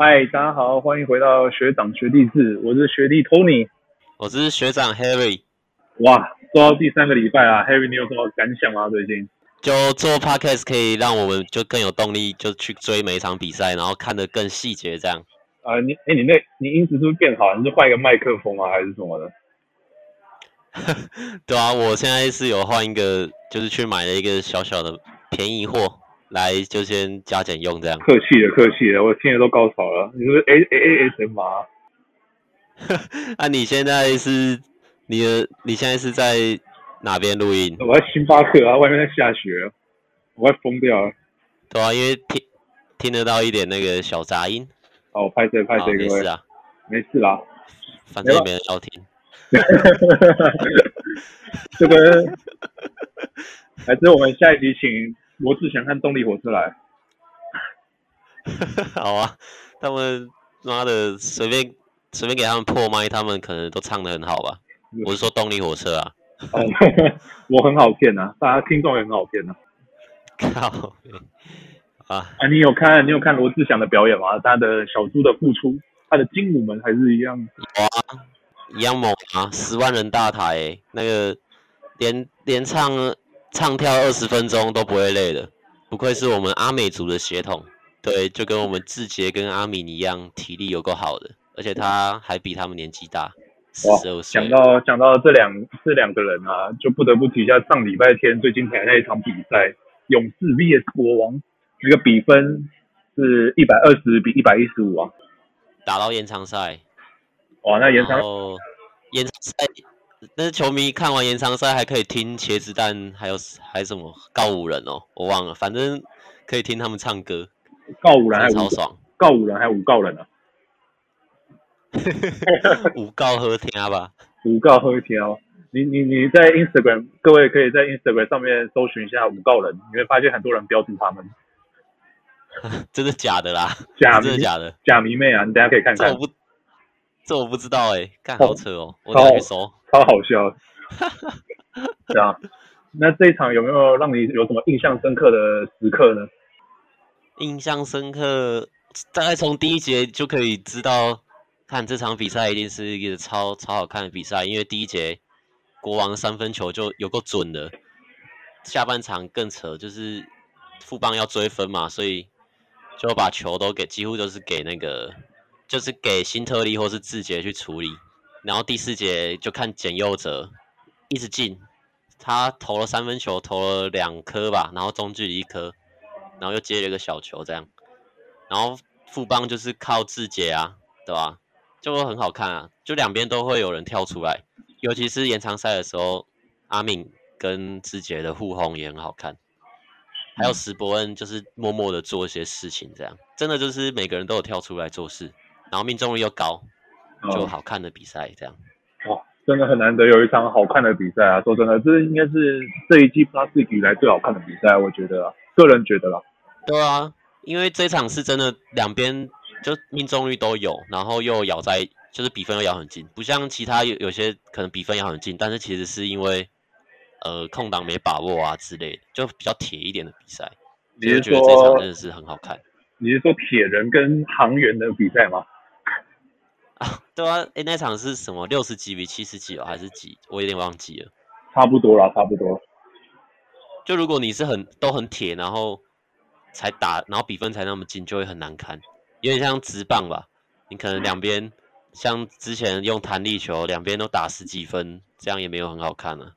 嗨，Hi, 大家好，歡迎回到學長學帝雉。我是學弟 Tony，我是學長 Harry。哇，做到第三個禮拜啊，Harry，你有什麼感想嗎、啊？最近就做 podcast 可以讓我們就更有動力，就去追每一場比賽，然後看得更細節這樣。啊、呃，你哎、欸，你那你音質是不是變好了？你是換一個麥克風啊，還是什麼的？ 對啊，我現在是有換一個，就是去買了一個小小的便宜貨。來就先加減用這樣。客氣的客氣的，我聽的都高潮了。你是不是 A A A 什麼？那你現在是你的？你現在是在哪邊錄音、哦？我在星巴克啊，外面在下雪，我快瘋掉了。對啊，因為聽聽得到一點那個小雜音。哦，拍謝拍謝，沒事啊，沒事啦、啊，反正也沒人要聽。沒有 這個 還是我們下一集請。羅志祥和動力火車來， 好啊！他們媽的隨便隨便給他們破麥，他們可能都唱得很好吧？我是說動力火車啊！ 我很好騙吶、啊，大家聽眾也很好騙吶、啊！靠！啊啊！你有看你有看羅志祥的表演嗎？他的小豬的付出，他的精武門還是一樣？哇、啊！一樣猛啊！十萬人大台，那個連連唱。唱跳二十分鐘都不會累的，不愧是我們阿美族的血統。對，就跟我們志傑跟阿敏一樣，體力有夠好的，而且他還比他們年紀大，哇，想到想到這兩這兩個人啊，就不得不提一下上禮拜天最近開那一場比賽，勇士 VS 國王，一個比分是一百二十比一百一十五啊，打到延長賽。哇，那延長延長賽。那是球迷看完延長賽還可以聽茄子蛋，還有還有什麼告五人哦，我忘了，反正可以聽他們唱歌。告五人武超爽。告五人還是五告人啊？五 告好聽、啊、吧？五告好天哦。你你你在 Instagram，各位可以在 Instagram 上面搜尋一下五告人，你會發現很多人標注他們。 真的假的啦？假的迷真的假的假迷妹啊！你等下可以看一下。這我不這我不知道哎、欸，看好扯哦，oh, 我等下去搜。Oh. 超好笑，哈哈哈。這樣，那這一場有沒有讓你有什麼印象深刻的時刻呢？印象深刻，大概從第一節就可以知道，看這場比賽一定是一個超超好看的比賽，因為第一節國王三分球就有夠準的。下半場更扯，就是富邦要追分嘛，所以就把球都給，幾乎都是給那個，就是給新特利或是志杰去處理。然後第四節就看簡佑哲，一直進，他投了三分球，投了兩顆吧，然後中距離一顆，然後又接了一個小球這樣，然後富邦就是靠志杰啊，對吧？就會很好看啊，就兩邊都會有人跳出來，尤其是延長賽的時候，阿敏跟志杰的互轟也很好看，還有史伯恩就是默默的做一些事情這樣，真的就是每個人都有跳出來做事，然後命中率又高。就好看的比賽這樣、啊這呃啊這嗯，哇、哦，真的很難得有一場好看的比賽啊！說真的，這應該是這一季八四以來最好看的比賽，啊，我覺得，個人覺得啦。對啊，因為這場是真的兩邊就命中率都有，然後又咬在，就是比分又咬很近，不像其他有有些可能比分咬很近，但是其實是因為呃空檔沒把握啊之類的，就比較鐵一點的比賽。你是覺得這場真的是很好看？你是說鐵人跟航員的比賽嗎？啊對啊、欸，那場是什麼六十幾比七十幾，哦，還是幾？我有點忘記了，差不多啦，差不多。就如果你是很都很鐵，然後才打，然後比分才那麼近，就會很難看，有點像職棒吧？你可能兩邊、嗯、像之前用彈力球，兩邊都打十幾分，這樣也沒有很好看啊。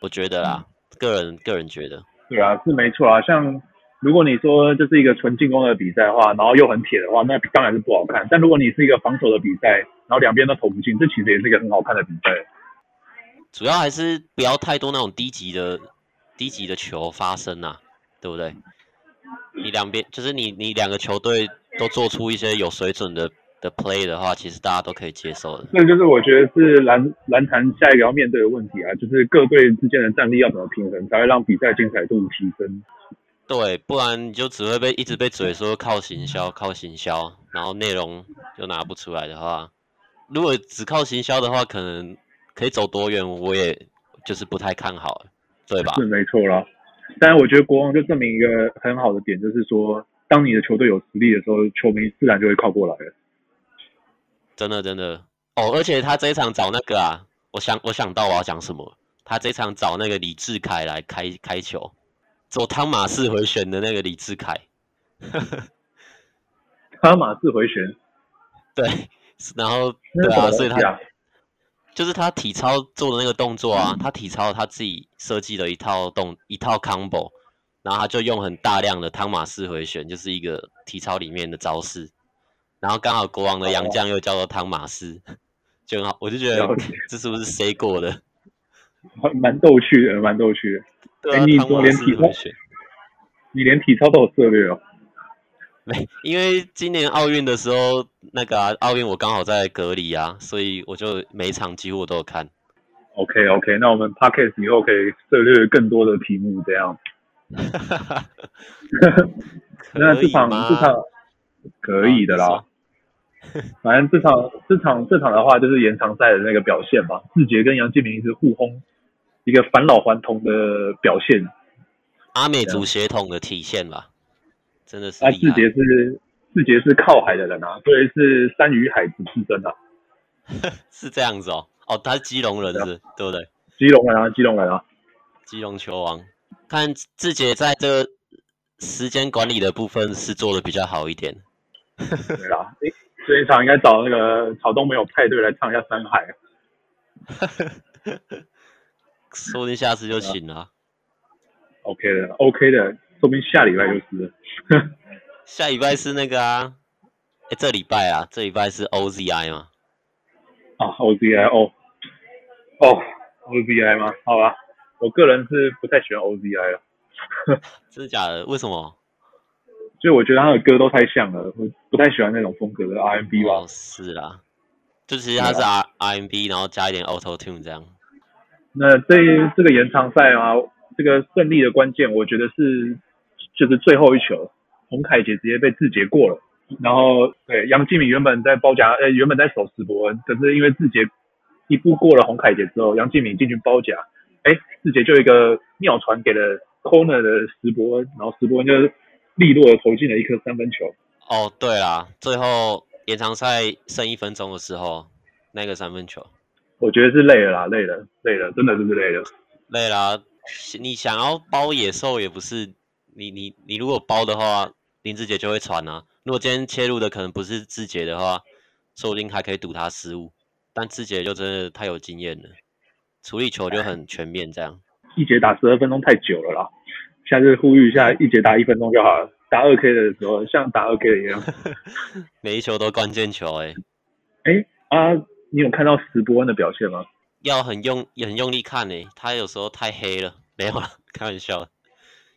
我覺得啊，嗯、個人個人覺得，對啊，是沒錯啊，像。如果你說這是一個純進攻的比賽的話，然後又很鐵的話，那當然是不好看。但如果你是一個防守的比賽，然後兩邊都投不進，這其實也是一個很好看的比賽。主要還是不要太多那種低級的、低級的球發生啊，對不對？你兩邊就是你你兩個球隊都做出一些有水準的的 play 的話，其實大家都可以接受的。那就是我覺得是籃籃壇下一個要面對的問題啊，就是各隊之間的戰力要怎麼平衡，才會讓比賽的精彩度提升。對，不然你就只會被一直被嘴說靠行銷，靠行銷，然後內容就拿不出來的話，如果只靠行銷的話，可能可以走多遠，我也就是不太看好了，對吧？是沒錯啦，但是我覺得國王就證明一個很好的點，就是說，當你的球隊有實力的時候，球迷自然就會靠過來了。真的真的哦。而且他這一場找那個啊，我想我想到我要講什麼，他這一場找那個李智凱來開開球。做湯馬士回旋的那個李智凱， 湯馬士回旋，對，然後對啊，所以他就是他體操做的那個動作啊，嗯、他體操他自己設計了一套動一套 combo，然後他就用很大量的湯馬士回旋，就是一個體操裡面的招式，然後剛好國王的洋將又叫做湯馬斯，就很好，我就覺得解這是不是誰過的？蠻逗趣的，蠻逗趣的。哎，欸、你做連體操，啊會哦、你連體操都有策略哦。沒，因為今年奧運的時候，那個奧、啊、運我剛好在隔離啊，所以我就每場幾乎都有看。OK OK，那我們 Podcast 以後可以策略更多的題目，這樣。哈哈哈哈哈。那這場這場、啊、可以的啦。啊、 反正這場這場這場的話，就是延長賽的那個表現吧，志杰跟楊敬敏一直互轟。一個返老還童的表現，阿美族血統的體現吧，啊、真的是。阿志、啊、杰是志杰是靠海的人啊，所以是山與海之真啊， 是這樣子哦。哦，他是基隆人是，是，對，啊、對不對？基隆人啊，基隆人啊，基隆球王。看志杰在這時間管理的部分是做的比較好一點。對啊， 這一場應該找那個草東沒有派對來唱一下山海。 說不定下次就請了、啊啊、，OK 的，OK 的，說不定下禮拜就是。 下禮拜是那個啊？哎、欸，這禮拜啊，這禮拜是 OZI 嗎？啊，OZI O Z I, 哦。哦，OZI 嗎？好吧，我個人是不太喜歡 OZI 了。 真的假的？為什麼？就我覺得他的歌都太像了，我不太喜歡那種風格的 R&B 吧。是啦，就其實他是 R 啦 R&B，然後加一點 Auto Tune 這樣。那這這個延長賽啊，這個勝利的關鍵，我覺得是就是最後一球，洪凱杰直接被志傑過了，然後對楊敬敏，原本在包夾，哎、欸，原本在守石伯恩，可是因為志傑一步過了洪凱杰之後，楊敬敏進去包夾，哎、欸，志傑就一個妙傳給了 corner 的石伯恩，然後石伯恩就利落地投進了一顆三分球。哦，對啦，最後延長賽剩一分鐘的時候，那個三分球。我覺得是累了啦，累了，累了，真的是，是累了，累了，啊，你想要包野獸也不是，你你你如果包的話，林志傑就會喘啊。如果今天切入的可能不是志傑的話，說不定還可以賭他失誤。但志傑就真的太有經驗了，處理球就很全面，這樣。一節打十二分鐘太久了啦，下次呼籲一下，一節打一分鐘就好了。打二 K 的時候像打二 K 一樣， 每一球都關鍵球哎，欸、哎、欸、啊。你有看到石博恩的表現嗎？要很用也很用力看呢、欸，他有時候太黑了，沒有啊，開玩笑，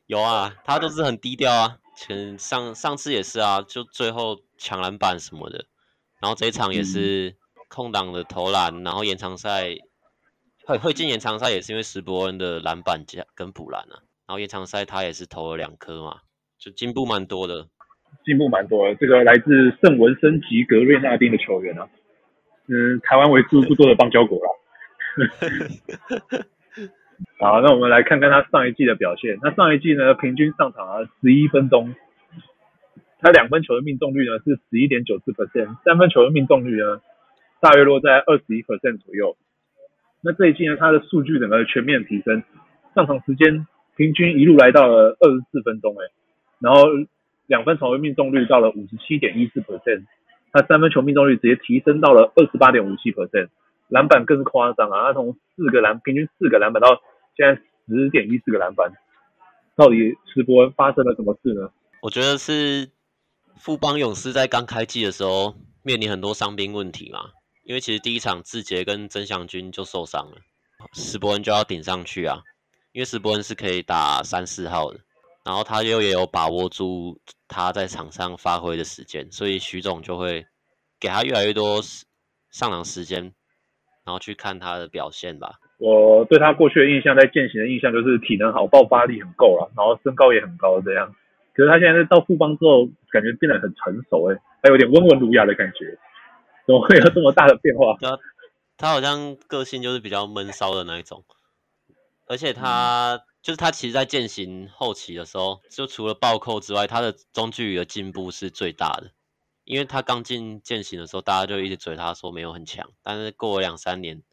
有啊，他都是很低調啊，前上上次也是啊，就最後搶籃板什麼的，然後這一場也是空檔的投籃，嗯、然後延長賽會會進延長賽也是因為石博恩的籃板加跟補籃啊，然後延長賽他也是投了兩顆嘛，就進步蠻多的，進步蠻多的，這個來自聖文森及格瑞納丁的球員啊。嗯，台灣為數不多的邦交國了。 好，那我們來看看他上一季的表現。他上一季呢，平均上場了十一分鐘，他兩分球的命中率呢是十一點九四 percent，三分球的命中率呢大約落在二十一 percent 左右。那這一季呢，他的數據整個全面提升，上場時間平均一路來到了二十四分鐘，哎，然後兩分球的命中率到了五十七點一四 percent。他三分球命中率直接提昇到了二十八點五七 percent，籃板更誇張啊！他從四個籃平均四個籃板到現在十點一四個籃板，到底石伯恩發生了什麼事呢？我覺得是富邦勇士在剛開季的時候面臨很多傷兵問題嘛，因為其實第一場志傑跟曾祥鈞就受傷了，石伯恩就要頂上去啊，因為石伯恩是可以打三四號的。然後他又也有把握住他在場上發揮的時間，所以許總就會給他越來越多上場時間，然後去看他的表現吧。我對他過去的印象，在健行的印象就是體能好、爆發力很夠了，然後身高也很高這樣。可是他現在到富邦之後，感覺變得很成熟、欸，哎，還有點溫文儒雅的感覺。怎麼會有這麼大的變化他？他好像個性就是比較悶騷的那一種，而且他、嗯。就是他其實，在健行後期的時候，就除了暴扣之外，他的中距離的進步是最大的。因為他剛進健行的時候，大家就一直嘴他說沒有很強，但是過了兩三年，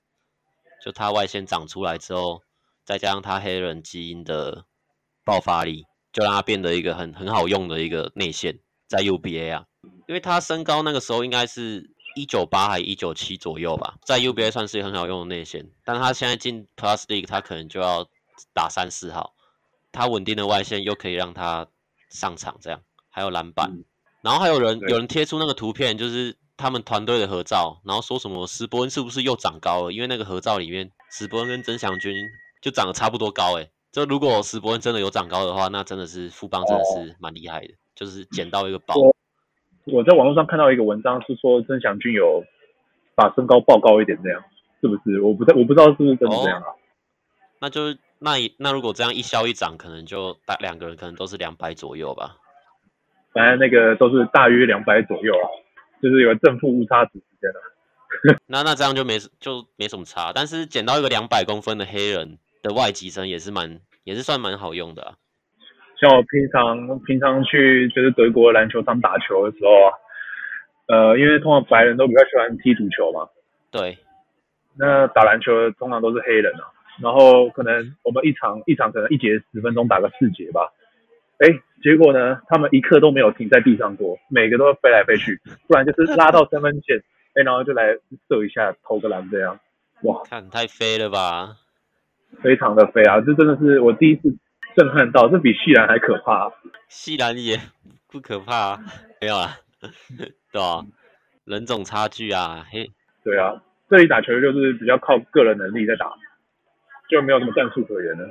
就他外線長出來之後，再加上他黑人基因的爆發力，就讓他變得一個很很好用的一個內線，在 UBA 啊，因為他身高那個時候應該是一九八還是一九七左右吧，在 UBA 算是很好用的內線，但他現在進 Plus League，他可能就要。打三四號，他穩定的外線又可以讓他上場，這樣還有籃板。嗯、然後還有人對有人貼出那個圖片，就是他們團隊的合照，然後說什麼石伯恩是不是又長高了？因為那個合照裡面，石伯恩跟曾祥鈞就長得差不多高，誒。這如果石伯恩真的有長高的話，那真的是富邦真的是蠻厲害的，哦、就是撿到一個寶我。我在網絡上看到一個文章是說曾祥鈞有把身高報高一點那樣，是不是？我不在我不知道是不是真的這樣啊？哦、那就是。那那如果這樣一消一長，可能就大兩個人可能都是兩百左右吧，反正那個都是大約兩百左右啊，就是有個正負誤差值之間的。 那那這樣就沒就沒什麼差，但是撿到一個兩百公分的黑人的外籍生也是蠻也是算蠻好用的啊。像我平常平常去就是德國籃球場打球的時候啊，呃，因為通常白人都比較喜歡踢足球嘛。對。那打籃球通常都是黑人啊。然後可能我們一場一場，可能一節十分鐘打個四節吧，哎，結果呢，他們一刻都沒有停在地上過，每個都飛來飛去，不然就是拉到三分線，哎， 然後就來射一下投個籃這樣。哇，看你太飛了吧，非常的飛啊，這真的是我第一次震撼到，這比系籃還可怕啊。系籃也不可怕啊，沒有啊，對啊，人種差距啊，嘿，對啊，這裡打球就是比較靠個人能力在打。就沒有什麼戰術可言了。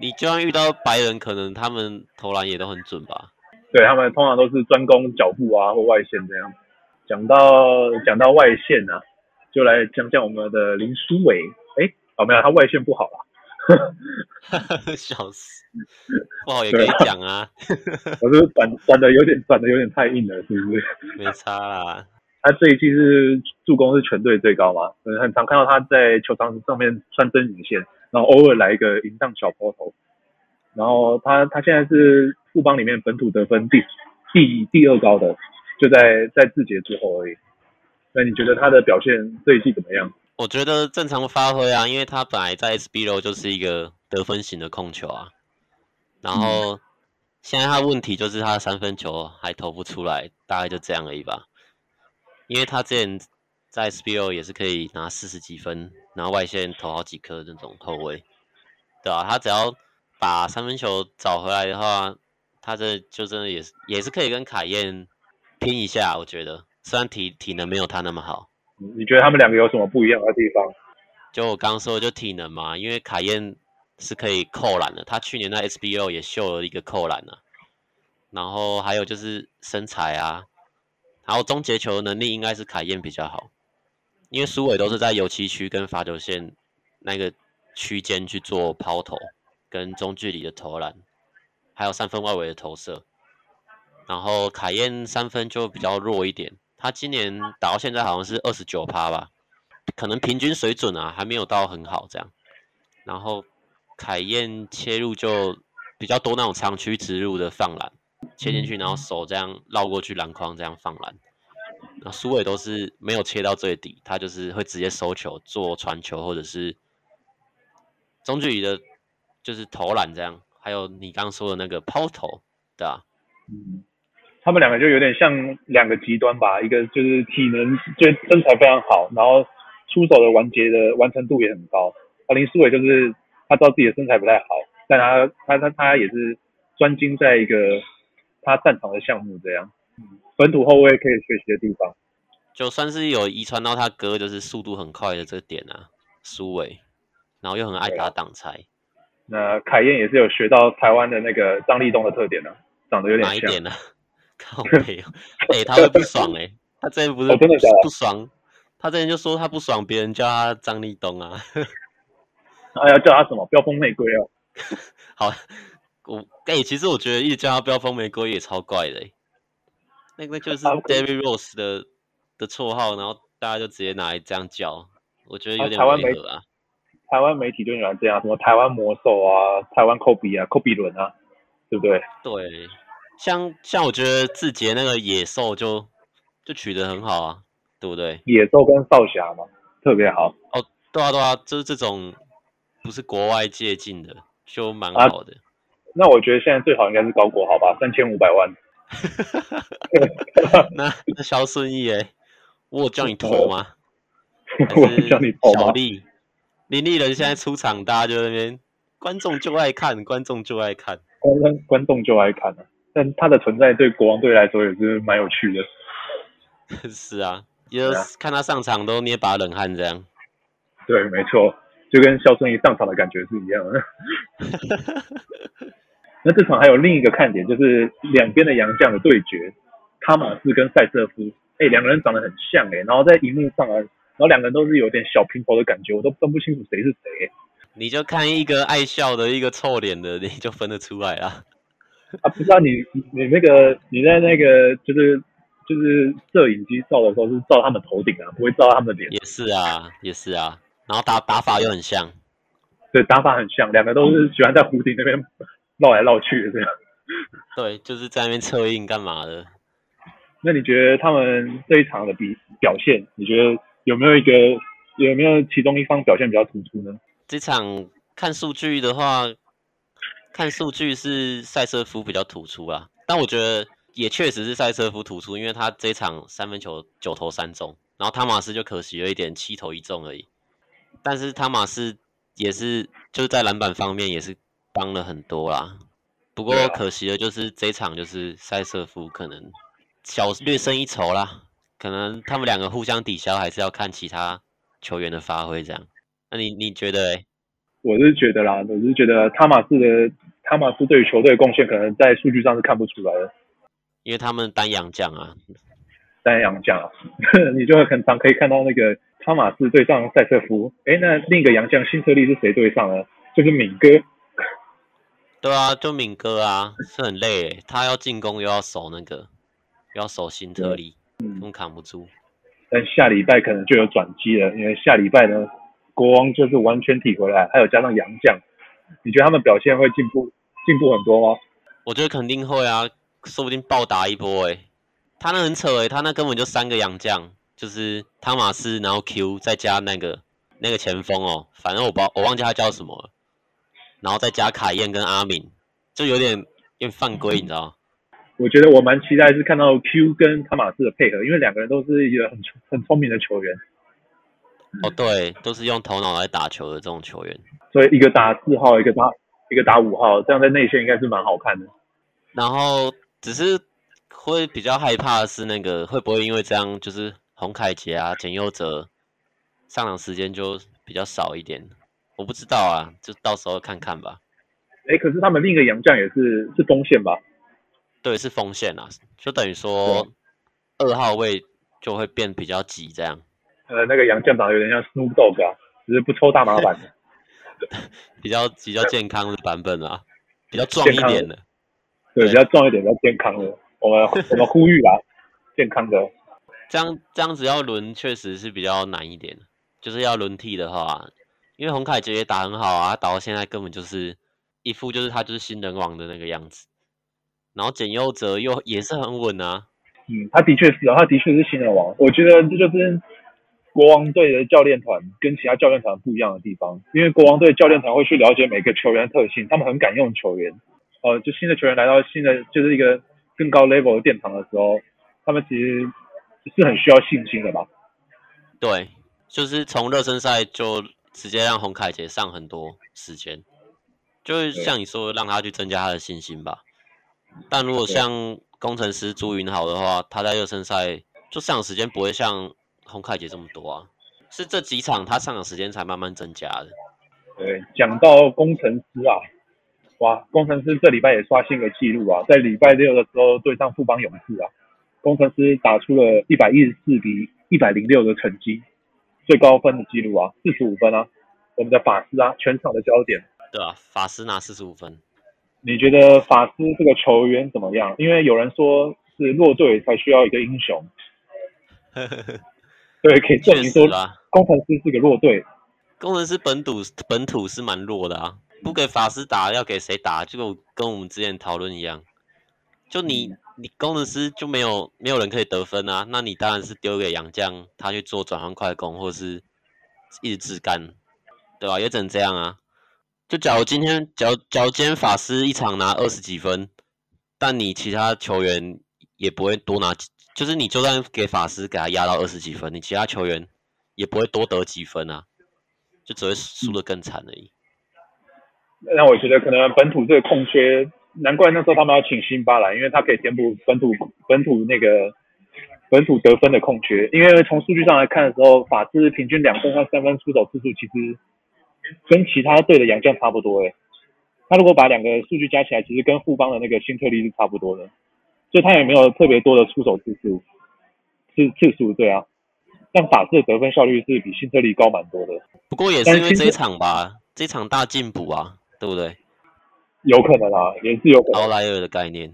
你就算遇到白人，可能他們投籃也都很準吧？對，他們通常都是專攻腳步啊或外線這樣。講到講到外線呢、啊，就來講講我們的林書緯。哎、欸，哦、喔、沒有，他外線不好啊。笑死！ 不好也可以講啊， 啊。我是轉，轉得有點轉得有點太硬了，是不是？沒差啦。他這一季是助攻是全隊最高嘛？很常看到他在球場上面穿針引線，然後偶爾來一個迎盪小拋投。然後他他現在是富邦裡面本土得分第第一第二高的，就在在志傑之後而已。那你覺得他的表現這一季怎麼樣？我覺得正常發揮啊，因為他本來在 SBL 就是一個得分型的控球啊。然後現在他的問題就是他三分球還投不出來，大概就這樣而已吧。因為他之前在 SBL 也是可以拿四十幾分，然後外線投好幾顆那種後衛。對啊，他只要把三分球找回來的話，他這就真的也是也是可以跟卡燕拼一下。我覺得雖然體體能沒有他那麼好。你覺得他們兩個有什麼不一樣的地方？就我剛剛說的就體能嘛，因為卡燕是可以扣籃的，他去年在 SBL 也秀了一個扣籃呢。然後還有就是身材啊。然後終結球的能力應該是凱燕比較好，因為蘇偉都是在油漆區跟罰球線那個區間去做拋投跟中距離的投籃，還有三分外圍的投射。然後凱燕三分就比較弱一點，他今年打到現在好像是二十九趴吧，可能平均水準啊還沒有到很好這樣。然後凱燕切入就比較多那種長驅直入的放籃。切進去，然後手這樣繞過去籃筐，這樣放籃。那蘇偉都是沒有切到最底，他就是會直接收球做傳球，或者是中距離的，就是投籃這樣。還有你剛說的那個拋投，對吧？嗯。他們兩個就有點像兩個極端吧。一個就是體能，就身材非常好，然後出手的完結的完成度也很高。而林書緯就是他知道自己的身材不太好，但他他他他也是專精在一個。他擅長的項目這樣，本土後衛可以學習的地方，就算是有遺傳到他哥，就是速度很快的這點啊，蘇偉，然後又很愛打擋拆。那凱燕也是有學到台灣的那個張立東的特點的、啊，長得有點矮一點呢、啊？靠北哎，他會不爽哎、欸，他之前不是不爽，他之前就說他不爽，別人叫他張立東啊，還 要叫他什麼標封內鬼啊？ 好。我哎、欸，其實我覺得一家飆風玫瑰也超怪的、欸。那個就是 David Rose 的的綽號，然後大家就直接拿來這樣叫，我覺得有點違和啊。啊台灣媒體就喜歡這樣，什麼台灣魔獸啊，台灣 Kobe、啊啊、Kobe 啊，Kobe 倫啊，對不對？對，像像我覺得志傑那個野獸就就取得很好啊，對不對？野獸跟少俠嘛，特別好。哦，對啊對啊，就是這種不是國外借鏡的，就蠻好的。啊那我覺得現在最好應該是高國好吧，三千五百萬。那那肖順義哎，我有叫你投嗎？ 我叫你投小力林力仁現在出場，大家就在那邊觀眾就愛看，觀眾就愛看， 觀眾觀眾就愛看。但他的存在對國王隊來說也是蠻有趣的。 是啊，也就是看他上場都捏把冷汗這樣。 對，沒錯，就跟肖順義上場的感覺是一樣的。 那這場還有另一個看點，就是兩邊的洋將的對決，卡馬斯跟塞瑟夫，哎、欸，兩個人長得很像哎、欸，然後在熒幕上啊，然後兩個人都是有點小平頭的感覺，我都分不清楚誰是誰。你就看一個愛笑的，一個臭臉的，你就分得出來啊。啊，不知道、啊、你你那個你在那個就是就是攝影機照的時候是照他們頭頂啊，不會照他們臉。也是啊，也是啊，然後打打法又很像。對，打法很像，兩個都是喜歡在弧頂那邊。繞來繞去的這樣，對，就是在那邊策應幹嘛的。 那你覺得他們這一場的比表現，你覺得有沒有一個，有沒有其中一方表現比較突出呢？這場看數據的話，看數據是賽車服比較突出啊，但我覺得也確實是賽車服突出，因為他這一場三分球九投三中，然後湯馬斯就可惜有一點七投一中而已。但是湯馬斯也是就是，在籃板方面也是。幫了很多啦，不過可惜的就是這場就是塞瑟夫可能小略勝一籌啦，可能他們兩個互相抵消，還是要看其他球員的發揮這樣。那你你覺得？我是覺得啦，我是覺得湯馬斯的湯馬斯對於球隊的貢獻可能在數據上是看不出來的，因為他們單洋將啊，單洋將， 你就很常可以看到那個湯馬斯對上塞瑟夫，哎、欸，那另一個洋將新特利是誰對上了？就是敏哥。對啊，就敏哥啊，是很累誒、欸。他要進攻又要守那個，又要守新特利他們、嗯嗯、扛不住。但下禮拜可能就有轉機了，因為下禮拜呢，國王就是完全體回來，還有加上洋將，你覺得他們表現會進步進步很多嗎？我覺得肯定會啊，說不定暴打一波誒、欸。他那很扯誒、欸，他那根本就三個洋將，就是湯馬斯，然後 Q 再加那個那個前鋒哦、喔，反正我忘我忘記他叫什麼了。然後再加卡宴跟阿敏，就有點有點犯規，你知道嗎？我覺得我蠻期待是看到 Q 跟卡馬斯的配合，因為兩個人都是一個很很聰明的球員。哦，對，都是用頭腦來打球的這種球員。所以一個打四號，一個打一個打五號，這樣在內線應該是蠻好看的。然後只是會比較害怕的是那個會不會因為這樣就是洪凱杰啊、簡佑哲上場時間就比較少一點。我不知道啊，就到時候看看吧。哎、欸，可是他們另一個洋將也是是中線吧？對，是鋒線啊，就等於說二號位就會變比較擠。這樣。呃，那個洋將長有點像 Snoop Dogg，只是不抽大麻版。的，欸、 比較比較健康的版本啊，對比較壯一點的。的對，對，比較壯一點，比較健康的。我們怎麼 呼籲啊？健康的。這樣這樣子要輪確實是比較難一點，就是要輪替的話、啊。因為洪凱杰也打很好啊，他打到現在根本就是一副就是他就是新人王的那個樣子。然後簡佑哲又也是很穩啊，嗯，他的確是、哦，他的確是新人王。我覺得這就是國王隊的教練團跟其他教練團不一樣的地方，因為國王隊的教練團會去了解每個球員的特性，他們很敢用球員。呃，就新的球員來到新的就是一個更高 level 的殿堂的時候，他們其實是很需要信心的吧？對，就是從熱身賽就。直接讓洪凱杰上很多時間，就是像你說，讓他去增加他的信心吧。但如果像工程師朱雲豪的話，他在熱身賽就上場時間不會像洪凱杰這麼多啊，是這幾場他上場時間才慢慢增加的。對，講到工程師啊，哇，工程師這禮拜也刷新了記錄啊，在禮拜六的時候對上富邦勇士啊，工程師打出了一百一十四比一百零六的成績。最高分的記錄啊，四十五分啊！我們的法獅啊，全場的焦點。對啊，法獅拿四十五分。你覺得法獅這個球員怎麼樣？因為有人說是弱隊才需要一個英雄。 對，可以證明說吧，攻城獅是個弱隊。攻城獅本土本土是蠻弱的啊，不給法獅打，要給誰打？就跟跟我們之前討論一樣，就你。嗯你工程師就沒有沒有人可以得分啊？那你當然是丟給洋將，他去做轉換快攻或者是一直自幹，對吧、啊？也只能這樣啊。就假如今天，假如假如今天法獅一場拿二十幾分，但你其他球員也不會多拿，就是你就算給法獅給他壓到二十幾分，你其他球員也不會多得幾分啊，就只會輸得更慘而已。那我覺得可能本土這個空缺。難怪那時候他們要請辛巴蘭，因為他可以填補本土本土那個本土得分的空缺。因為從數據上來看的時候，法茲平均兩分和三分出手次數其實跟其他隊的洋將差不多誒、欸。他如果把兩個數據加起來，其實跟富邦的那個新特利是差不多的，所以他也沒有特別多的出手次數次次數。對啊，但法茲的得分效率是比新特利高蠻多的。不過也是因為這一場吧，實這一場大進步啊，對不對？有可能啦，也是有可能。勞萊爾的概念，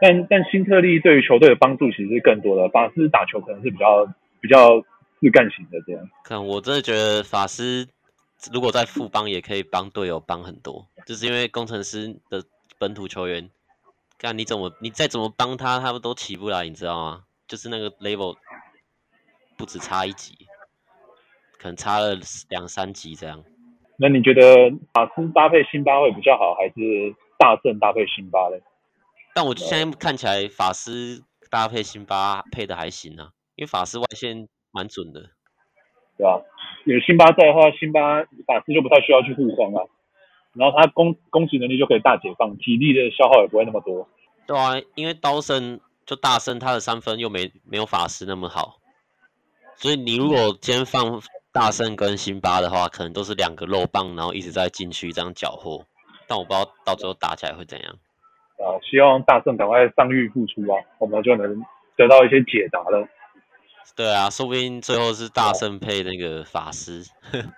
但但新特利對於球隊的幫助其實更多的。法獅打球可能是比較比較自幹型的這樣。可能我真的覺得法獅如果在富邦也可以幫隊友幫很多，就是因為攻城獅的本土球員，看你怎麼你再怎麼幫他，他們都起不來，你知道嗎？就是那個 level 不止差一級，可能差了兩三級這樣。那你覺得法獅搭配辛巴會比較好，還是大聖搭配辛巴嘞？但我現在看起來法獅搭配辛巴配的還行啊，因為法獅外線蠻準的，對啊，有辛巴在的話，辛巴法獅就不太需要去互慌了、啊，然後他攻攻擊能力就可以大解放，體力的消耗也不會那麼多。對啊，因為刀聖就大聖，他的三分又沒沒有法獅那麼好，所以你如果先放。嗯大聖跟辛巴的話，可能都是兩個肉棒，然後一直在禁區這樣攪和，但我不知道到最後打起來會怎樣。啊，希望大聖趕快傷癒復出啊，我們就能得到一些解答了。對啊，說不定最後是大聖配那個法師，哦呵呵，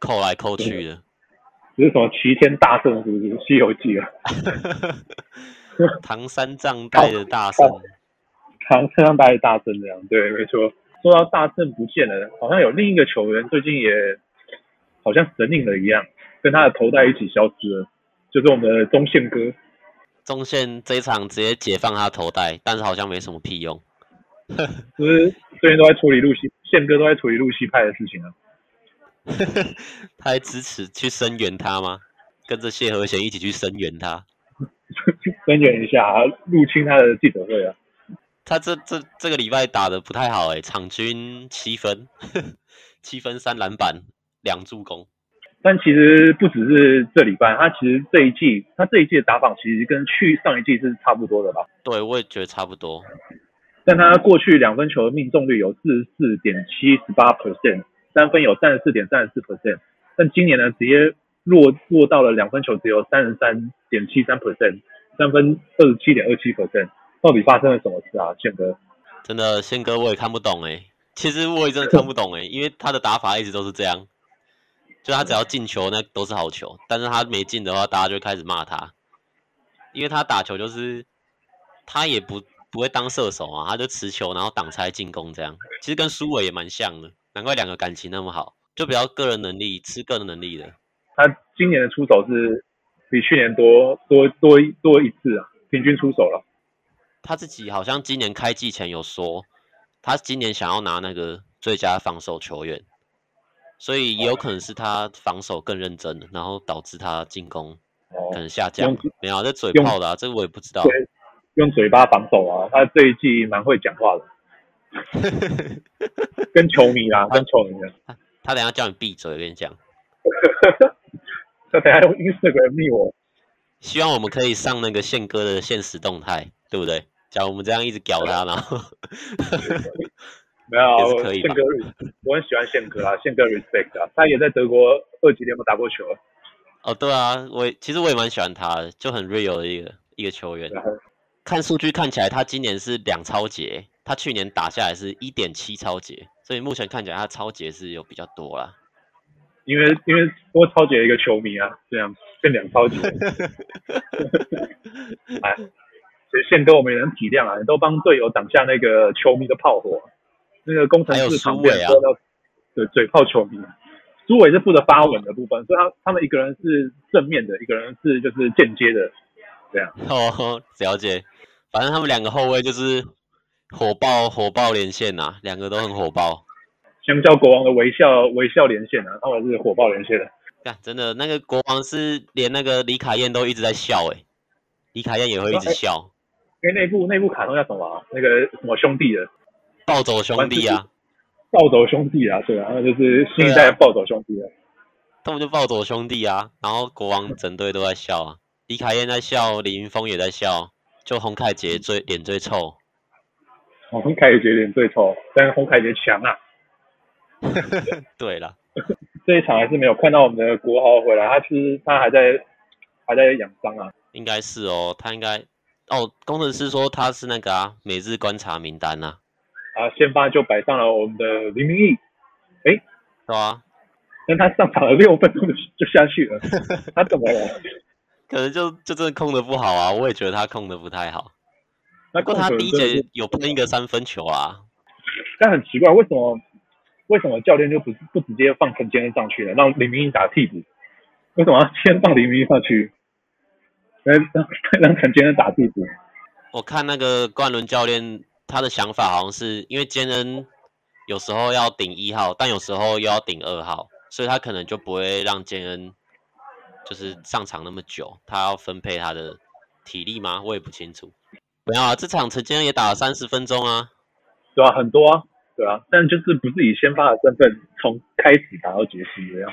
扣來扣去的這是什麼？齊天大聖是不是《西遊記了》啊， 哦哦？唐三藏帶着大聖，唐三藏帶着大聖這樣，對，沒錯。說到大勝不見了，好像有另一個球員最近也好像神隱了一樣，跟他的頭帶一起消失了，就是我們的宗憲哥。宗憲這一場直接解放他的頭帶，但是好像沒什麼屁用。 就是最近都在處理鹿希派，憲哥都在處理鹿希派的事情啊。 他還支持去聲援他嗎？跟着謝和弦一起去聲援他？去 聲援一下鹿希派的記者會啊？他這這這個禮拜打得不太好誒，場均七分呵，七分三籃板兩助攻。但其實不只是這禮拜，他其實這一季，他這一季的打法其實跟去上一季是差不多的吧？對，我也覺得差不多。但他過去兩分球的命中率有四十四點七十八 percent，三分有三十四點三十四 percent，但今年呢，直接落落到了兩分球只有三十三點七三 percent，三分二十七點二七 percent。到底發生了什麼事啊，憲哥？真的，憲哥我也看不懂哎、欸。其實我也真的看不懂哎、欸，因為他的打法一直都是這樣，就他只要進球那都是好球，但是他沒進的話，大家就會開始罵他，因為他打球就是他也不不會當射手啊，他就持球然後擋拆進攻這樣。其實跟蘇偉也蠻像的，難怪兩個感情那麼好，就比較個人能力、吃個人能力的。他今年的出手是比去年多多多多一次啊，平均出手了。他自己好像今年開季前有說，他今年想要拿那個最佳防守球員，所以也有可能是他防守更認真，然後導致他進攻可能下降。哦、沒有這、啊、嘴炮的、啊，用這個我也不知道。用嘴巴防守啊，他這一季蠻會講話的。 跟球迷啦、啊，他跟球迷講、啊。他等下叫你閉嘴，跟你講。 他等下用英文罵我。希望我們可以上那個憲哥的限時動態，對不對？像我們這樣一直屌他、嗯，然後沒有、嗯、 我,我很喜歡憲哥啊，憲哥 respect 啊，他也在德國二級聯盟打過球。哦，對啊，我其實我也蠻喜歡他，就很 real 的一個一個球員。啊、看數據看起來他今年是兩抄截，他去年打下來是一點七抄截，所以目前看起來他抄截是有比較多啦。因為因為多抄截的一個球迷啊，這樣變兩抄截。來、 哎。憲哥我們也能體諒啊，都幫隊友擋下那個球迷的炮火。那個工程師、啊、蘇偉啊，對，嘴炮球迷。蘇偉是負責發文的部分，所以他他們一個人是正面的，一個人是就是間接的，這樣、啊哦。哦，了解。反正他們兩個後衛就是火爆火爆連線吶、啊，兩個都很火爆。香蕉國王的微笑微笑連線啊，他們是火爆連線的。看，真的那個國王是連那個李卡燕都一直在笑哎、欸，李卡燕也會一直笑。欸、那部、那部卡通叫什麼、啊？那個什麼兄弟的暴走兄弟啊，暴、就是、走兄弟啊，對啊，然後就是新一代暴走兄弟啊，他們就暴走兄弟啊，然後國王整隊都在笑啊， 李凱燕在笑，李雲峰也在笑，就洪凱傑最臉最臭，哦、洪凱傑臉最臭，但是洪凱傑強啊， 對了啦，這一場還是沒有看到我們的國豪回來，他是他還在還在養傷啊，應該是哦，他應該。哦，工程師說他是那個啊，每日觀察名單吶、啊。啊，先發就擺上了我們的林明義。哎、欸，是啊，但他上場了六分鐘就下去了， 他怎麼了？可能就就這控得不好啊，我也覺得他控的不太好。那一球有不能一個三分球啊。但很奇怪，為什麼為什麼教練就不不直接放陳堅上去了，讓林明義打替補？為什麼要先放林明義上去？讓讓陳杰恩打替補，我看那個冠倫教練他的想法好像是因為杰恩有時候要頂一號，但有時候又要頂二號，所以他可能就不會讓杰恩就是上場那麼久，他要分配他的體力嗎？我也不清楚。沒有啊，這場陳劍恩也打了三十分鐘啊。對啊，很多啊，對啊，但就是不是以先發的身份從開始打到結束這樣。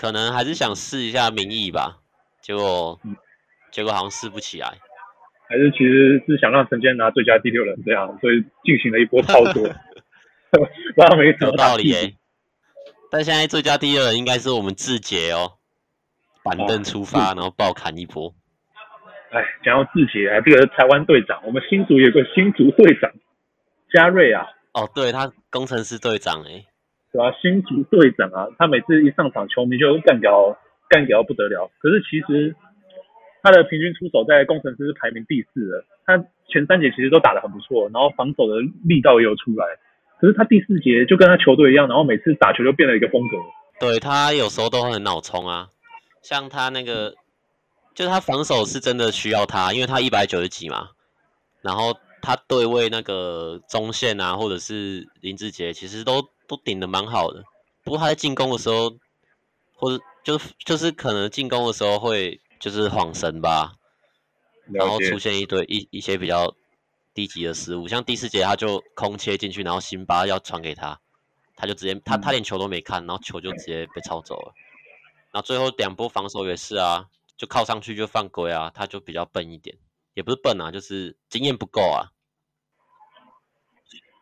可能還是想試一下民意吧。結果，結果好像試不起來，還是其實是想讓陳堅拿最佳第六人這樣，所以進行了一波操作，那 沒什麼道理、欸、但現在最佳第六人應該是我們志傑哦，板凳出發，哦、然後暴砍一波。哎，講到志傑啊，這個是台灣隊長，我們新竹有個新竹隊長，嘉瑞啊，哦，對，他工程師隊長哎、欸，對啊，新竹隊長啊，他每次一上場，球迷就幹掉。幹掉不得了，可是其實他的平均出手在工程師是排名第四的。他前三節其實都打得很不錯，然後防守的力道也有出來。可是他第四節就跟他球隊一樣，然後每次打球就變了一個風格。對，他有時候都很腦衝啊，像他那個，就他防守是真的需要他，因為他一百九十幾嘛，然後他對位那個中線啊，或者是林志杰，其實都都頂得蠻好的。不過他在進攻的時候，或者。就就是可能進攻的時候會就是晃神吧，然後出現一堆一一,一些比較低級的失誤，像第四節他就空切進去，然後辛巴要傳給他，他就直接他他連球都沒看，然後球就直接被抄走了，然後最後兩波防守也是啊，就靠上去就犯規啊，他就比較笨一點，也不是笨啊，就是經驗不夠啊。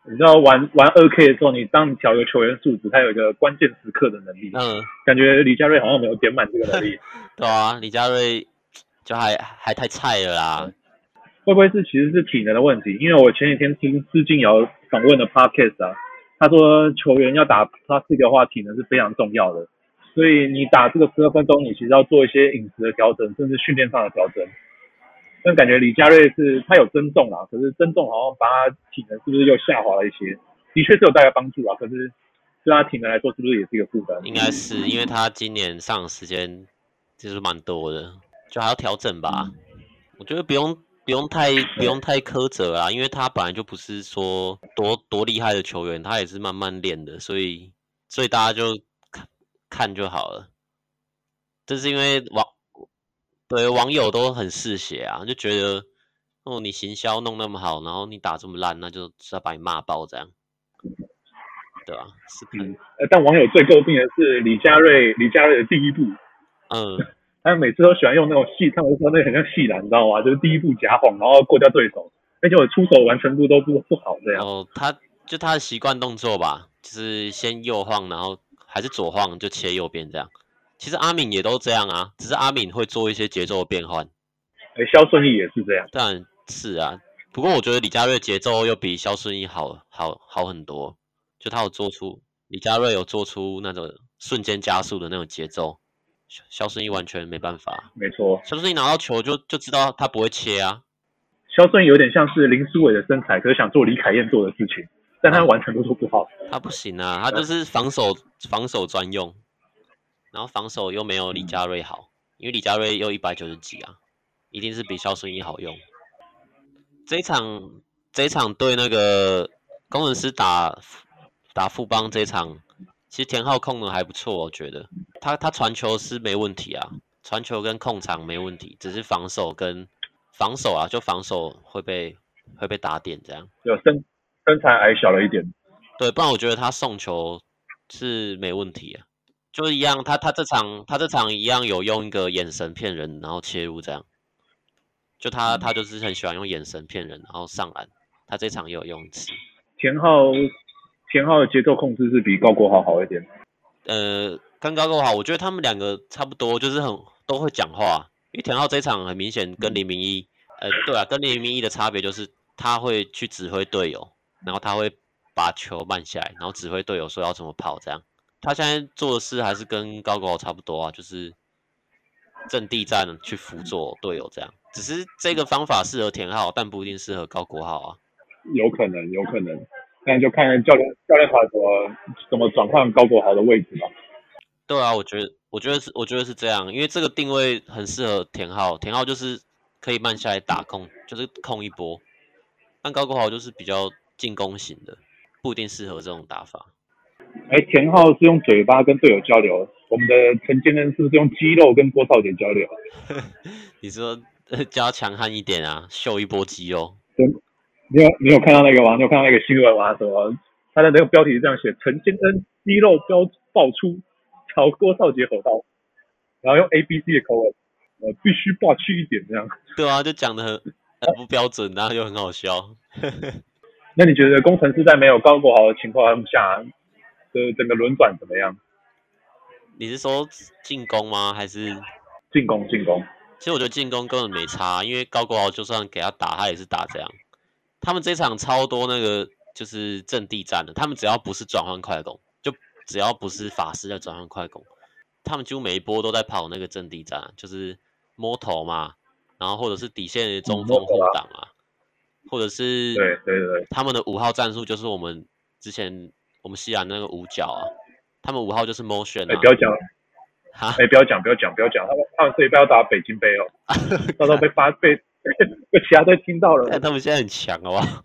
你知道玩玩二 K 的時候，你當你調一個球員素質，他有一個關鍵時刻的能力。嗯，感覺李佳瑞好像沒有點滿這個能力。呵呵對啊，李佳瑞就還還太菜了啦。會不會是其實是體能的問題？因為我前幾天聽致敬瑤訪問的 podcast 啊，他說球員要打 classic 的話體能是非常重要的。所以你打這個十二分鐘，你其實要做一些飲食的調整，甚至訓練上的調整。但感覺李家瑞是他有增重啦，可是增重好像把他體能是不是又下滑了一些？的確是有帶來幫助啊，可是對他體能來說是不是也是一個負擔？應該是因為他今年上場時間其實蠻多的，就還要調整吧。嗯、我覺得不用不用太不用太苛責啊，因為他本來就不是說多多厲害的球員，他也是慢慢練的，所以所以大家就看看就好了。這是因為網。哇對，網友都很嗜血啊，就覺得哦，你行銷弄那麼好，然後你打這麼爛，那就是要把你罵爆這樣。對啊，是的。呃、嗯，但網友最詬病的是李家瑞，李家瑞的第一步，嗯，他每次都喜歡用那種戲唱他們說那個很像戲藍，你知道嗎、啊？就是第一步假晃，然後過掉對手，而且我出手完成度都不不好這樣。哦，他就他的習慣動作吧，就是先右晃，然後還是左晃就切右邊這樣。其實阿敏也都這樣啊，只是阿敏會做一些節奏的變換。誒，蕭順議也是這樣，但是啊，不過我覺得李家瑞節奏又比蕭順議好好好很多，就他有做出，李家瑞有做出那種瞬間加速的那種節奏，蕭順議完全沒辦法。沒錯錯，蕭順議拿到球就就知道他不會切啊。蕭順議有點像是林書緯的身材，可是想做李愷諺做的事情，但他完全做出不好。他不行啊，他就是防守對防守專用。然後防守又沒有李家瑞好，因為李家瑞又一百九十幾啊，一定是比蕭順議好用。這一場，這一場對那個工程師打打富邦這一場，其實田浩控的還不錯，我覺得他他傳球是沒問題啊，傳球跟控場沒問題，只是防守跟防守啊，就防守會被會被打點這樣。有身身材矮小了一點，對，不然我覺得他送球是沒問題啊。就是一樣，他他這場他這場一樣有用一個眼神騙人，然後切入這樣。就他他就是很喜歡用眼神騙人，然後上籃。他這場也有用一次。田浩田浩的節奏控制是比高國豪好一點。呃，跟高國豪，我覺得他們兩個差不多，就是很都會講話。因為田浩這場很明顯跟黎明一，呃，對啊，跟黎明一的差別就是他會去指揮隊友，然後他會把球慢下來，然後指揮隊友說要怎麼跑這樣。他現在做的事還是跟高國豪差不多啊，就是陣地戰去輔佐隊友，這樣。只是這個方法適合田浩，但不一定適合高國豪啊。有可能，有可能。那就看，看教練教練團怎麼怎麼轉換高國豪的位置吧。對啊，我覺得我覺得是我覺得是這樣，因為這個定位很適合田浩，田浩就是可以慢下來打控，就是控一波。但高國豪就是比較進攻型的，不一定適合這種打法。哎、欸，田浩是用嘴巴跟隊友交流，我們的陳建恩是不是用肌肉跟郭少杰交流？ 你說加強悍一點啊，秀一波肌肉。對，你有你有看到那個嗎？你有看到那個新聞嗎？什麼、啊？他的那個標題是這樣寫：陳建恩肌肉飆爆出，朝郭少杰吼道，然後用 A B C 的口吻，呃，必須霸氣一點這樣。對啊，就講的很，很不標準，啊，然後又很好笑。 那你覺得攻城獅在沒有高國豪的情況下，呃，就整個輪轉怎麼樣？你是說進攻嗎？還是進攻進攻？進攻其實我覺得進攻根本沒差，因為高國豪就算給他打，他也是打這樣。他們這場超多那個就是陣地戰的，他們只要不是轉換快攻，就只要不是法獅在轉換快攻，他們幾乎每一波都在跑那個陣地戰，就是摸頭嘛，然後或者是底線的中鋒後擋啊，嗯、或者是對對對，他們的五號戰術就是我們之前。我們西亞那個五角啊，他們五號就是 motion 啊。哎、欸，不要講了，哈、啊，哎、欸，不要講，不要講，不要講。他們他們不一要打北京杯哦， 到時被八歲， 其他隊都聽到了。但他們現在很強哦、啊。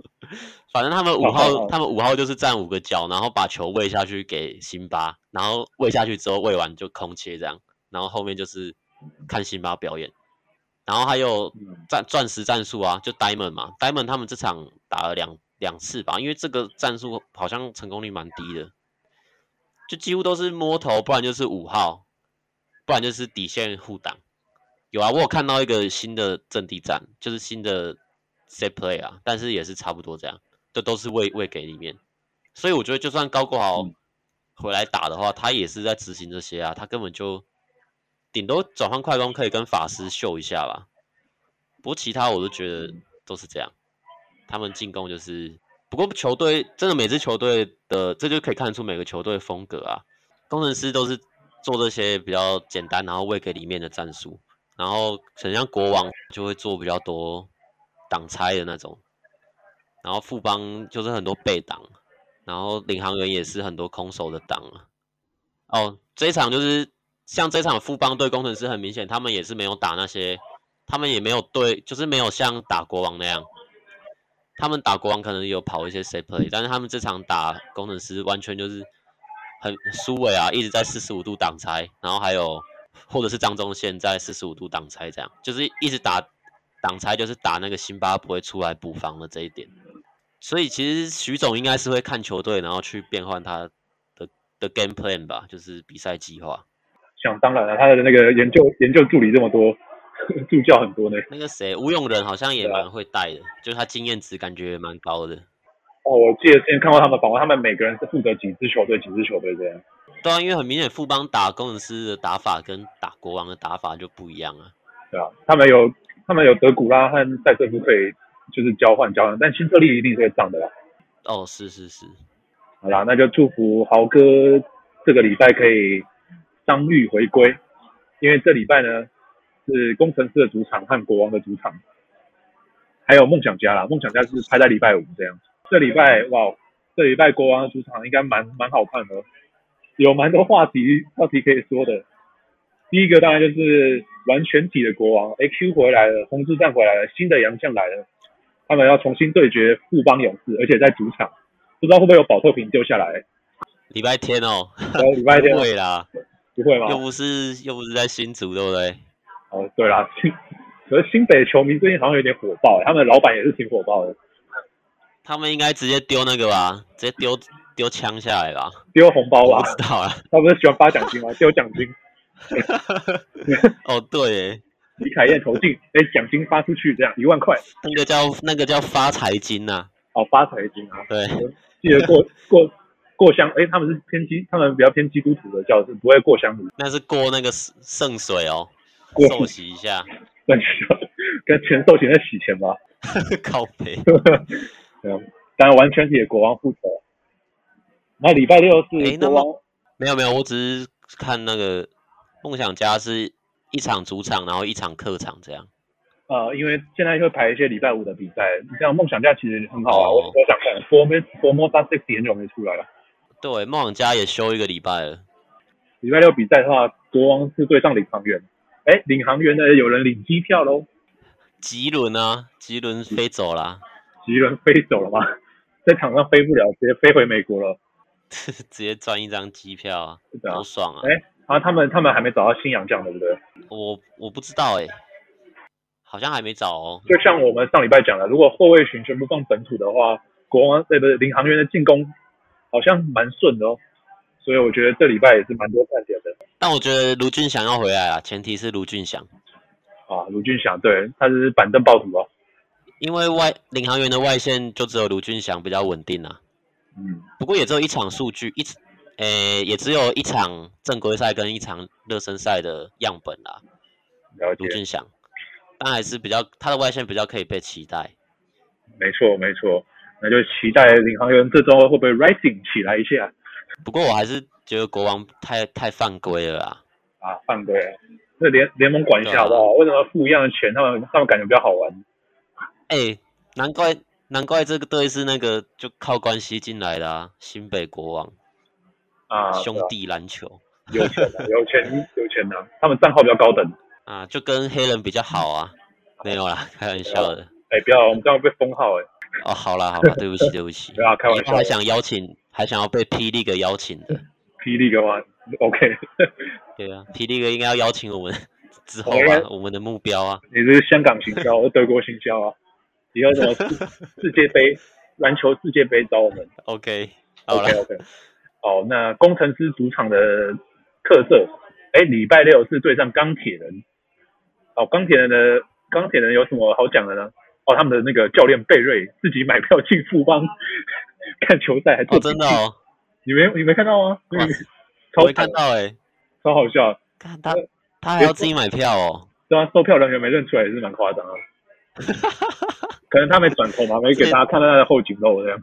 反正他們五號，好他們五號就是站五個角，然後把球餵下去給辛巴，然後餵下去之後，餵完就空切這樣，然後後面就是看辛巴表演，然後還有鑽鑽石戰術啊，就 diamond 嘛，diamond 他們這場打了兩。兩次吧，因為這個戰術好像成功率蠻低的，就幾乎都是摸頭，不然就是五號，不然就是底線互擋。有啊，我有看到一個新的陣地戰，就是新的 set play 啊，但是也是差不多這樣，都都是餵餵給裡面。所以我覺得就算高國豪回來打的話，他也是在執行這些啊，他根本就頂多轉換快攻可以跟法獅秀一下吧。不過其他我都覺得都是這樣。他們進攻就是，不過球隊真的每支球隊的，這就可以看出每個球隊的風格啊。攻城獅都是做這些比較簡單，然後餵給裡面的戰術，然後想象國王就會做比較多擋拆的那種，然後富邦就是很多背擋，然後領航猿也是很多空手的擋啊。哦，這一場就是像這場富邦對攻城獅很明顯，他們也是沒有打那些，他們也沒有，對，就是沒有像打國王那樣。他們打國王可能有跑一些 set play，但是他們這場打攻城獅完全就是很蘇偉啊，一直在四十五度擋拆，然後還有或者是張宗憲在四十五度擋拆，這樣就是一直打擋拆，就是打那個辛巴不會出來補防的這一點。所以其實許總應該是會看球隊，然後去變換他的的、的 game plan 吧，就是比賽計劃。想當然了，他的那個研究研究助理這麼多。 助教很多呢，那個誰吳永仁好像也蠻會帶的，是啊、就是他經驗值感覺也蠻高的。哦，我記得之前看過他們，訪問，他們每個人是負責幾支球隊，幾支球隊這樣。對啊，因為很明顯，富邦打工程師的打法跟打國王的打法就不一樣啊。對啊，他們有他們有德古拉和賽瑟夫可以就是交換交換，但新特利一定是會漲的啦。哦，是是是。好啦，那就祝福豪哥這個禮拜可以傷癒回歸，因為這禮拜呢。是工程師的主場和國王的主場，還有夢想家啦，夢想家是排在禮拜五這樣。這禮拜哇，這禮拜國王的主場應該蠻蠻好看的，有蠻多話題話題可以說的。第一個當然就是玩全體的國王，A Q 回來了，紅之戰回來了，新的洋相來了，他們要重新對決富邦勇士，而且在主場，不知道會不會有保特瓶丟下來。禮拜天哦，禮、哦、拜天不會啦，不會吧。又不是又不是在新組，對不對？哦，對啦，新可是新北球迷最近好像有點火爆，欸，他們老闆也是挺火爆的。他們應該直接丟那個吧，直接丟丟槍下來吧，丟紅包吧？不知道啊，他們不是喜歡發獎金嗎？ 丟獎金。 哦，對，李愷諺投進，哎，獎金發出去，這樣一萬塊，那個叫那個叫發財金吶、啊。哦，發財金啊，對。 記得過過過香，哎，他們是偏基他們比較偏基督徒的教，是不會過香爐，那是過那個聖水哦。受洗一下，跟錢受錢在洗錢吧？ 靠北！對， 但完全給國王復仇。那禮拜六是、欸？沒有沒有，我只是看那個夢想家是一場主場，然後一場客場這樣。呃，因為現在會排一些禮拜五的比賽，你像夢想家其實很好啊，哦、我想看。Formers f o r m 很久沒出來了。對，夢想家也休一個禮拜了。禮拜六比賽的話，國王是對上領航猿。哎、欸，領航員呢？有人領機票嘍？吉倫啊，吉倫飛走了、啊，吉倫飛走了嗎？在場上飛不了，直接飛回美國了，直接賺一張機票啊，啊好爽啊！哎、欸，啊，他們他們還沒找到新洋將對不對？我我不知道哎、欸，好像還沒找哦。就像我們上禮拜講的，如果後衛群全部放本土的話，國王對、欸、不對領航員的進攻好像蠻順的哦。所以我覺得這禮拜也是蠻多看點的。但我覺得盧俊祥要回來啊，前提是盧俊祥。啊，盧俊祥，對，他是板凳暴徒哦。因為外領航員的外線就只有盧俊祥比較穩定啊。嗯。不過也只有一場數據，一，誒，也只有一場正規賽跟一場熱身賽的樣本啦。了解。盧俊祥，但還是比較他的外線比較可以被期待。沒錯沒錯，那就期待領航員這周會不會 rising 起來一下。不過我還是覺得國王太太犯規了啊！啊，犯規！那聯聯盟管一下，為什麼付一樣的錢，他們他們感覺比較好玩？哎、欸，難怪難怪這個隊是那個就靠關係進來的啊！新北國王啊，兄弟籃球、啊、有錢有錢有錢的， 他們賬號比較高等啊，就跟黑人比較好啊，沒有啦，開玩笑的。哎、啊欸，不要，我們這樣被封號哎、欸！哦，好了好了，對不起對不起，對啊、 啊、開玩笑以後還想邀請？還想要被 P. League 邀請的，P. League 嗎？OK，對啊，P. League 應該要邀請我們之後啊，Okay. 我們的目標啊。你是香港行銷，我 德國行銷啊。你要什麼世界杯籃 球世界杯找我們？OK，OK，OK。Okay. 好，okay, okay. 好，那工程師主場的特色，哎、欸，禮拜六是對上鋼鐵人。哦，鋼鐵人的鋼鐵人有什麼好講的呢？哦，他們的那個教練貝瑞自己買票進富邦。看球賽還真的，、哦、真的哦。你沒你沒看到嗎？哇超我沒看到、欸、超好笑。他他還要自己買票哦、欸，對啊，售票人員沒認出來也是蠻誇張啊。哈哈哈哈可能他沒轉頭嘛，沒給大家看到他的後頸肉這樣。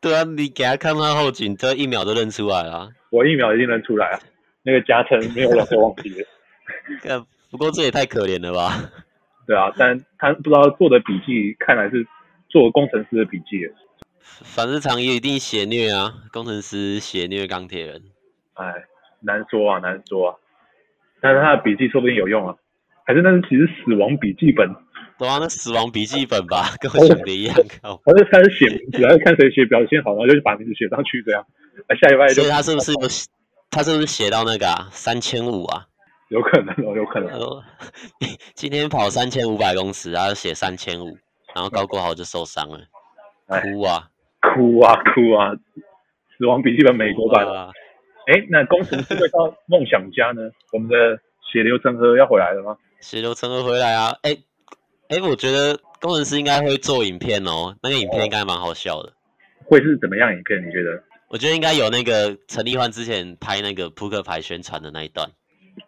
對啊，你給他看到後頸，這一秒都認出來了。我一秒一定認出來啊，那個夾層沒有人會忘記了。哎， 不過這也太可憐了吧？對啊，但他不知道做的筆記，看來是做工程師的筆記。反日常也一定血虐啊，工程師血虐鋼鐵人，哎，難說啊，難說啊。但是他的筆記說不定有用啊，還是那是其實死亡筆記本，對啊，那死亡筆記本吧， 跟我講的一樣。他、哦、高是他是寫 只要是看誰寫表現好，然後就把名字寫上去這樣。哎、啊啊，下一位就他是不是有寫？他是不是寫到那個三千五啊, 3, 啊有？有可能哦，有可能今天跑三千五百公尺，然後寫三千五，然後高過後就受傷了。 唉哭，啊哭啊，哭啊，哭啊！《死亡筆記本》美國版啊。哎，那工程師會到夢想家呢？ 我們的血流成河要回來了嗎？血流成河回來啊！哎，哎，我覺得工程師應該會做影片哦，那個影片應該蠻好笑的、哦。會是怎麼樣影片？你覺得？我覺得應該有那個陳立煥之前拍那個撲克牌宣傳的那一段，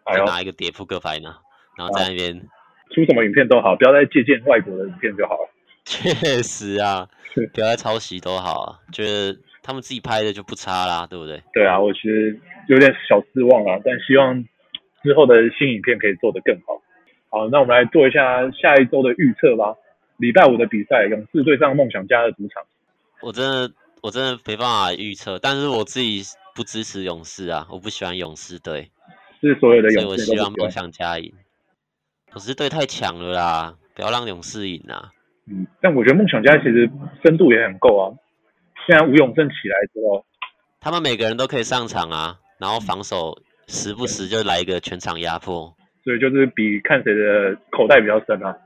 哎、喲要拿一個疊撲克牌呢，然後在那邊、哦、出什麼影片都好，不要再借鑑外國的影片就好了。確實啊，不要再抄襲多好啊！ 覺得他們自己拍的就不差啦，對不對？對啊，我其實有點小失望啊，但希望之後的新影片可以做得更好。好，那我們來做一下下一週的預測吧。禮拜五的比賽，勇士對上夢想家的主場，我真的我真的沒辦法預測，但是我自己不支持勇士啊，我不喜歡勇士隊，是所有的勇士，所以我希望夢想家贏。勇士隊太強了啦，不要讓勇士贏啊！嗯，但我覺得夢想家其實深度也很夠啊。現在吳永正起來之後，他們每個人都可以上場啊，然後防守時不時就來一個全場壓迫。所以就是比看誰的口袋比較深啊。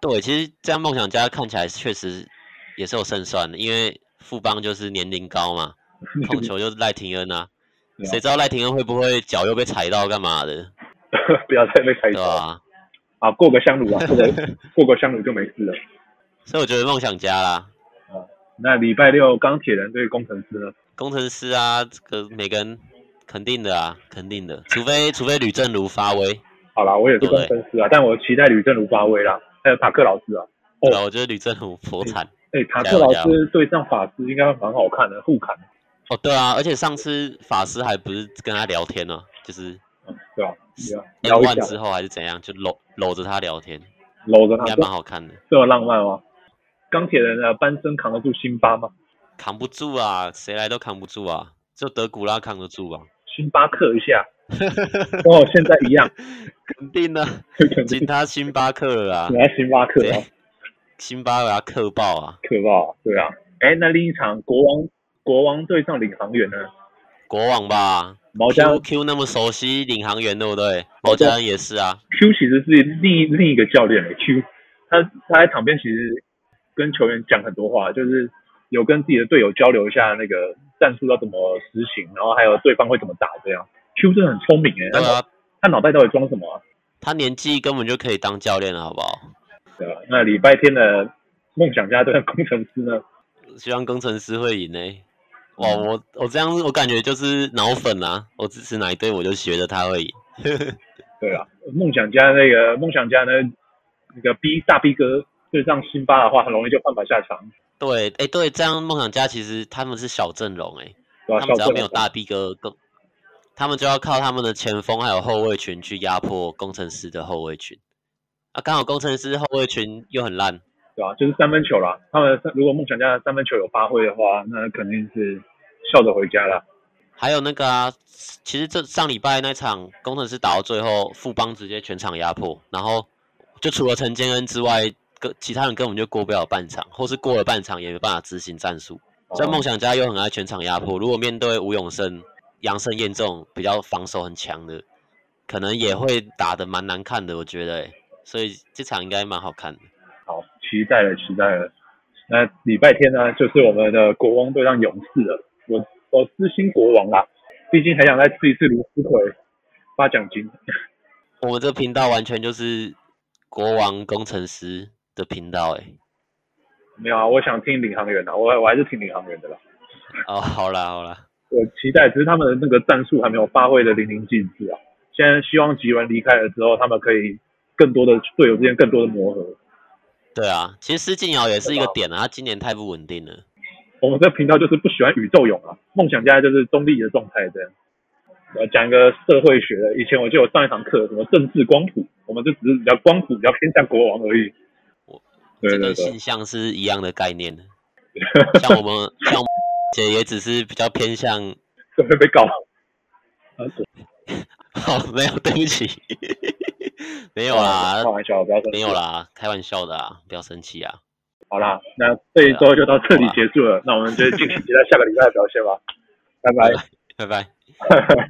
對，其實這樣夢想家看起來確實也是有勝算的，因為富邦就是年齡高嘛，控球就是賴廷恩啊。誰、 啊、知道賴廷恩會不會腳又被踩到幹嘛的？ 不要再被踩到啊！啊，過個香爐啊，過個 過個香爐就沒事了。所以我覺得夢想家啦。啊、那禮拜六鋼鐵人對工程師呢。工程師啊，這個每個人肯定的啊，肯定的，除非除非呂正如發威。好啦，我也是工程師啊，對但我期待呂正如發威啦，還、欸、有塔克老師啊。啊、哦、我覺得呂正如頗慘。哎、欸欸，塔克老師對上法師應該蠻好看的互砍。哦，對啊，而且上次法師還不是跟他聊天呢、啊，就是對啊，對啊，聊完之後還是怎樣，就摟摟着他聊天，摟着他，應該蠻好看的這，這麼浪漫嗎？鋼鐵人啊，班森扛得住辛巴嗎？扛不住啊，誰來都扛不住啊，就德古拉扛得住啊。星巴克一下，跟我、 哦、現在一樣，肯定肯定 他星巴克啊！來星巴克、欸，星巴克爆啊！爆啊！對啊，哎，那另一場國王國王對上領航猿呢？國王吧，毛江 Q, Q 那麼熟悉領航猿對不對？毛江也是啊、哦。Q 其實是另另一個教練的、欸、Q 他他在場邊其實。跟球員講很多話，就是有跟自己的隊友交流一下那個戰術要怎麼實行，然後還有對方會怎麼打這樣。Q 是很聰明哎，那他他腦袋到底裝什麼啊？他年紀根本就可以當教練了，好不好？對啊，那禮拜天的夢想家對工程師呢？希望工程師會贏呢。哦，我我這樣子，我感覺就是腦粉啊，我支持哪一隊我就學着他而已。 對啊，夢想家那個夢想家呢，那個 B 大 B 哥。對，這樣辛巴的話，很容易就換板下場。對，哎，對，這樣夢想家其實他們是小陣容，欸，哎、啊，他們只要沒有大逼哥，更他們就要靠他們的前鋒還有後衛群去壓迫工程師的後衛群。啊，剛好工程師後衛群又很爛，對啊，就是三分球了。他們三如果夢想家的三分球有發揮的話，那肯定是笑着回家了。還有那個啊，其實這上禮拜那場工程師打到最後，富邦直接全場壓迫，然後就除了陳建恩之外。跟其他人根本就過不了半場，或是過了半場也沒辦法執行戰術。所以夢想家又很愛全場壓迫。哦、如果面對吳永盛、楊盛、嗯、硯這種比較防守很強的，可能也會打得蠻難看的。我覺得、欸，所以這場應該蠻好看的。好，期待了，期待了。那禮拜天呢，就是我們的國王對上勇士了。我我私心國王啦，啊，畢竟還想再吃一次螺斯可發獎金。我們這頻道完全就是國王工程師。嗯的頻道哎、欸，沒有啊，我想聽領航員的、啊，我我還是聽領航員的啦。哦、 oh,，好了好了，我期待，只是他們的那個戰術還沒有發揮的淋漓盡致啊。現在希望吉文離開了之後，他們可以更多的隊友之間更多的磨合。對啊，其實施敬堯也是一個點啊，吧他今年太不穩定了。我們這個頻道就是不喜歡宇宙勇啊，夢想家就是中立的狀態這樣。呃，講一個社會學的，以前我記得我上一堂課什麼政治光譜，我們就只是比較光譜比較偏向國王而已。對對對，這個性向是一樣的概念，對對對，像我們， 像，姐也只是比較偏向。這被搞。好、啊 哦，沒有，對不起， 沒有啦，開玩，玩笑，不要生，沒有啦，開玩笑的啊，不要生氣啊。好啦，那這一周就到這裡結束了，那我們就敬請期待下個禮拜的表現吧。 拜拜，拜拜。拜拜。